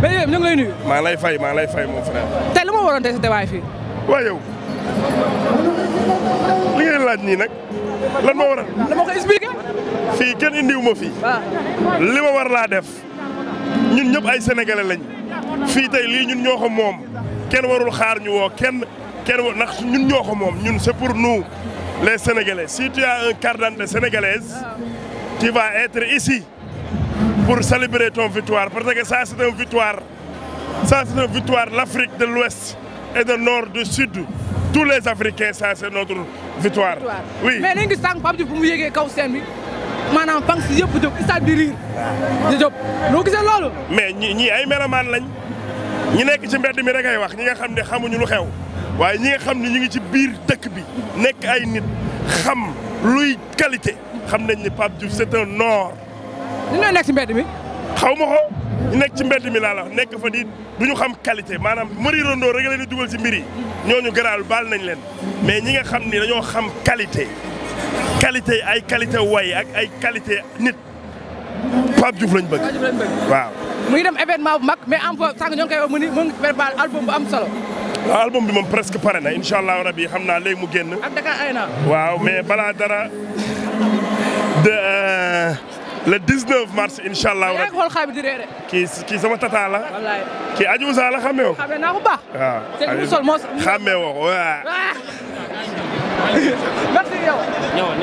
mais yow ñu ngi lay maa lay fay maa lay fay moom frère. tey lu ma waroon tey sa teewaay fii. yow li ngeen laaj nii nag lan moo waral. dama ko expliqué. fii kenn indiwu ma fi ah. li ma war laa def ñun ñëpp ay sénégalais lañ fii tey lii ñun ñoo moom kenn warul xaar ñu woo kenn kenn war ndax ñun ñoo ko moom ñun c'est pour nu les sénégalais si tu as un carte d'identité sénégalaise ah. tu vas pour célébrer ton victoire parce que ça c'est une victoire ça c'est une victoire l'Afrique de l'Ouest et du Nord du Sud tous les Africains ça c'est notre victoire. oui mais léegi sànq Pape Diouf mu yëgee kaw seen bi maanaam fang si yëpp jóg stade bi riir ah. di jóg loo gisee loolu. mais ñi ñii ay mélomaan lañ ñi nekk ci mbedd mi rek ay wax ñi nga xam ne xamuñu lu xew waaye ñi nga xam ni ñu ngi ci biir dëkk bi nekk ay nit xam luy qualité xam nañ ni Pape Diouf c'est un Nord. ñu ñoo nekk ci mbedd xaw ma ko ñu nekk ci mbedd mi laa nekk fa di ñu xam qualité maanaam mëri rondoo rek leen di dugal si mbir yi ñooñu garaal baal nañ leen mais ñi nga xam ni dañoo xam qualité qualité ay qualité way ak ay qualité nit Pape Diouf lañ bëgg. waaw. mu ngi dem événement bu mag mais en fait sànq ñoo ngi koy mu ni mu ngi album bu am solo. album bi moom presque pare na incha allah rabi xam naa léegi mu génn. ak Dakar ay na. waaw mais balaa dara de. Euh, le 19 mars incha allah. waaw xool xaabi di réeré. kii kii sama tata la. wallaay kii Adji Moussa la xàmmee woo. xàmmee naa ko baax. Ah, waaw seen musol moo. xàmmee woo waaw. merci yow.